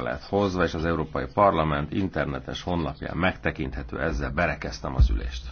lett hozva, és az Európai Parlament internetes honlapján megtekinthető, ezzel berekeztem az ülést.